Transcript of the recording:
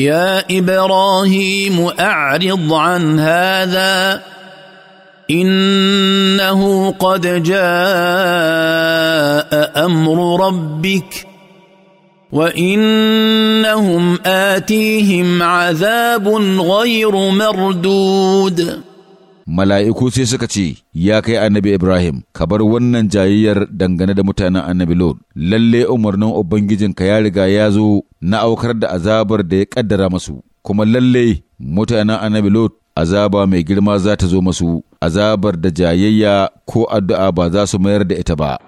يا ابراهيم اعرض عن هذا انه قد جاء امر ربك وانهم اتيهم عذاب غير مردود Mala'iku sai suka ce, Ya kai annabi Ibrahim, ka bar wannan jayayyar dangane da mutanen annabi Lot, lalle umarnin Ubangijinka ya riga ya zo na aukar da azabar da ya ƙaddara masu, kuma lalle mutanen annabi Lot azaba mai girma za ta zo masu, azabar da jayayya ko addu'a ba za su mayar da ita ba.